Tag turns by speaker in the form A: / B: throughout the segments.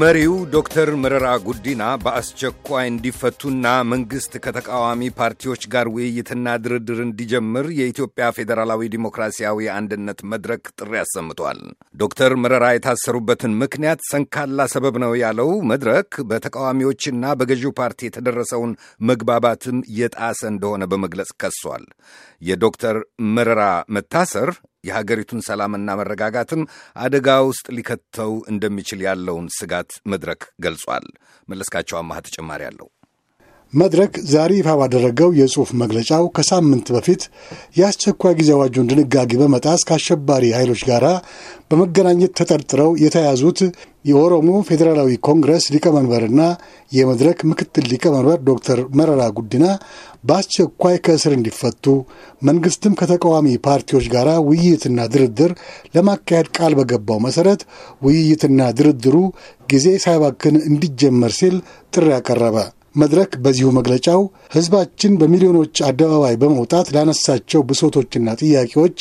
A: መሪው ዶክተር መረራ ጉዲና በአስቸኳይ እንዲፈቱና መንግሥት ከተቃዋሚ ፓርቲዎች ጋር ውይይትና ድርድር እንዲጀምር የኢትዮጵያ ፌዴራላዊ ዲሞክራሲያዊ አንድነት መድረክ ጥሪ አሰምቷል። ዶክተር መረራ የታሰሩበትን ምክንያት ሰንካላ ሰበብ ነው ያለው መድረክ በተቃዋሚዎችና በገዢው ፓርቲ የተደረሰውን መግባባትም የጣሰ እንደሆነ በመግለጽ ከሷል። የዶክተር መረራ መታሰር የሀገሪቱን ሰላምና መረጋጋትም አደጋ ውስጥ ሊከተው እንደሚችል ያለውን ስጋት መድረክ ገልጿል። መለስካቸው አማሃ ተጨማሪ አለው።
B: መድረክ ዛሬ ይፋ ባደረገው የጽሑፍ መግለጫው ከሳምንት በፊት የአስቸኳይ ጊዜ አዋጁን ድንጋጌ በመጣስ ከአሸባሪ ኃይሎች ጋር በመገናኘት ተጠርጥረው የተያዙት የኦሮሞ ፌዴራላዊ ኮንግረስ ሊቀመንበርና የመድረክ ምክትል ሊቀመንበር ዶክተር መረራ ጉዲና በአስቸኳይ ከእስር እንዲፈቱ መንግስትም ከተቃዋሚ ፓርቲዎች ጋር ውይይትና ድርድር ለማካሄድ ቃል በገባው መሰረት ውይይትና ድርድሩ ጊዜ ሳይባክን እንዲጀመር ሲል ጥሪ አቀረበ። መድረክ በዚሁ መግለጫው ህዝባችን በሚሊዮኖች አደባባይ በመውጣት ላነሳቸው ብሶቶችና ጥያቄዎች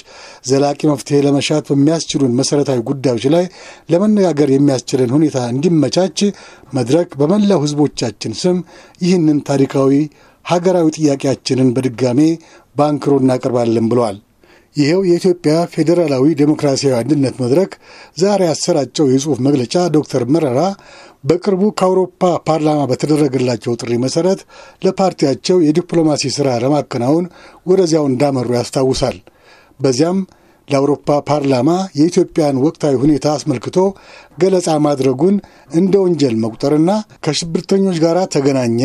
B: ዘላቂ መፍትሄ ለመሻት በሚያስችሉን መሠረታዊ ጉዳዮች ላይ ለመነጋገር የሚያስችልን ሁኔታ እንዲመቻች መድረክ በመላው ህዝቦቻችን ስም ይህንን ታሪካዊ ሀገራዊ ጥያቄያችንን በድጋሜ ባንክሮ እናቀርባለን ብለዋል። ይኸው የኢትዮጵያ ፌዴራላዊ ዴሞክራሲያዊ አንድነት መድረክ ዛሬ ያሰራጨው የጽሑፍ መግለጫ ዶክተር መረራ በቅርቡ ከአውሮፓ ፓርላማ በተደረገላቸው ጥሪ መሠረት ለፓርቲያቸው የዲፕሎማሲ ሥራ ለማከናወን ወደዚያው እንዳመሩ ያስታውሳል። በዚያም ለአውሮፓ ፓርላማ የኢትዮጵያን ወቅታዊ ሁኔታ አስመልክቶ ገለጻ ማድረጉን እንደ ወንጀል መቁጠርና ከሽብርተኞች ጋር ተገናኘ፣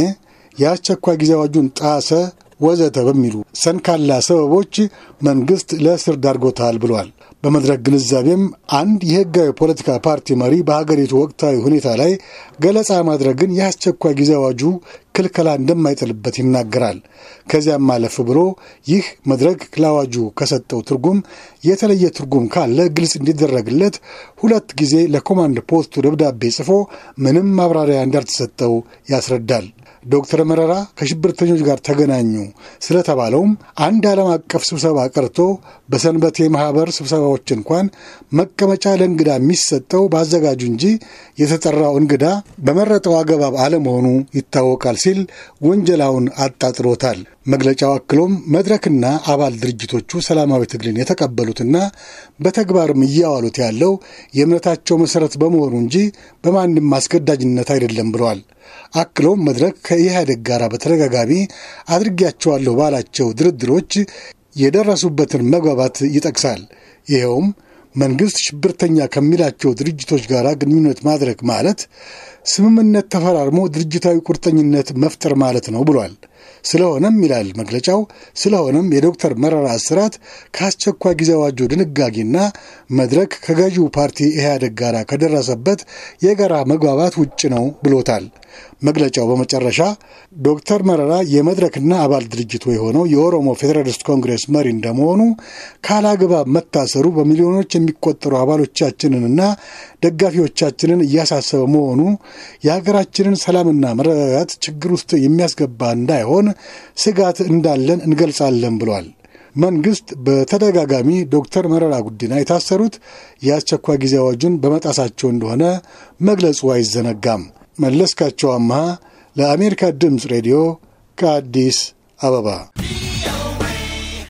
B: የአስቸኳይ ጊዜ አዋጁን ጣሰ ወዘተ በሚሉ ሰንካላ ሰበቦች መንግስት ለእስር ዳርጎታል ብሏል። በመድረክ ግንዛቤም አንድ የህጋዊ ፖለቲካ ፓርቲ መሪ በሀገሪቱ ወቅታዊ ሁኔታ ላይ ገለጻ ማድረግን የአስቸኳይ ጊዜ አዋጁ ክልከላ እንደማይጥልበት ይናገራል። ከዚያም አለፍ ብሎ ይህ መድረክ ለአዋጁ ከሰጠው ትርጉም የተለየ ትርጉም ካለ ግልጽ እንዲደረግለት ሁለት ጊዜ ለኮማንድ ፖስቱ ደብዳቤ ጽፎ ምንም ማብራሪያ እንዳልተሰጠው ያስረዳል። ዶክተር መረራ ከሽብርተኞች ጋር ተገናኙ ስለተባለውም አንድ ዓለም አቀፍ ስብሰባ ቀርቶ በሰንበት የማህበር ስብሰባዎች እንኳን መቀመጫ ለእንግዳ የሚሰጠው በአዘጋጁ እንጂ የተጠራው እንግዳ በመረጠው አገባብ አለመሆኑ ይታወቃል ሲል ወንጀላውን አጣጥሮታል። መግለጫው አክሎም መድረክና አባል ድርጅቶቹ ሰላማዊ ትግልን የተቀበሉትና በተግባርም እያዋሉት ያለው የእምነታቸው መሠረት በመሆኑ እንጂ በማንም አስገዳጅነት አይደለም ብለዋል። አክለውም መድረክ ከኢህአዴግ ጋር በተደጋጋሚ አድርጌያቸዋለሁ ባላቸው ድርድሮች የደረሱበትን መግባባት ይጠቅሳል። ይኸውም መንግስት ሽብርተኛ ከሚላቸው ድርጅቶች ጋር ግንኙነት ማድረግ ማለት ስምምነት ተፈራርሞ ድርጅታዊ ቁርጠኝነት መፍጠር ማለት ነው ብሏል። ስለሆነም ይላል መግለጫው፣ ስለሆነም የዶክተር መረራ እስራት ከአስቸኳይ ጊዜ አዋጁ ድንጋጌና መድረክ ከገዢው ፓርቲ ኢህአደግ ጋር ከደረሰበት የጋራ መግባባት ውጭ ነው ብሎታል። መግለጫው በመጨረሻ ዶክተር መረራ የመድረክና አባል ድርጅቱ የሆነው የኦሮሞ ፌዴራሊስት ኮንግሬስ መሪ እንደመሆኑ ካላግባብ መታሰሩ በሚሊዮኖች የሚቆጠሩ አባሎቻችንንና ደጋፊዎቻችንን እያሳሰበ መሆኑ የሀገራችንን ሰላምና መረጋጋት ችግር ውስጥ የሚያስገባ እንዳይሆን ሳይሆን ስጋት እንዳለን እንገልጻለን ብሏል። መንግስት በተደጋጋሚ ዶክተር መረራ ጉዲና የታሰሩት የአስቸኳይ ጊዜ አዋጁን በመጣሳቸው እንደሆነ መግለጹ አይዘነጋም። መለስካቸው አምሃ ለአሜሪካ ድምፅ ሬዲዮ ከአዲስ አበባ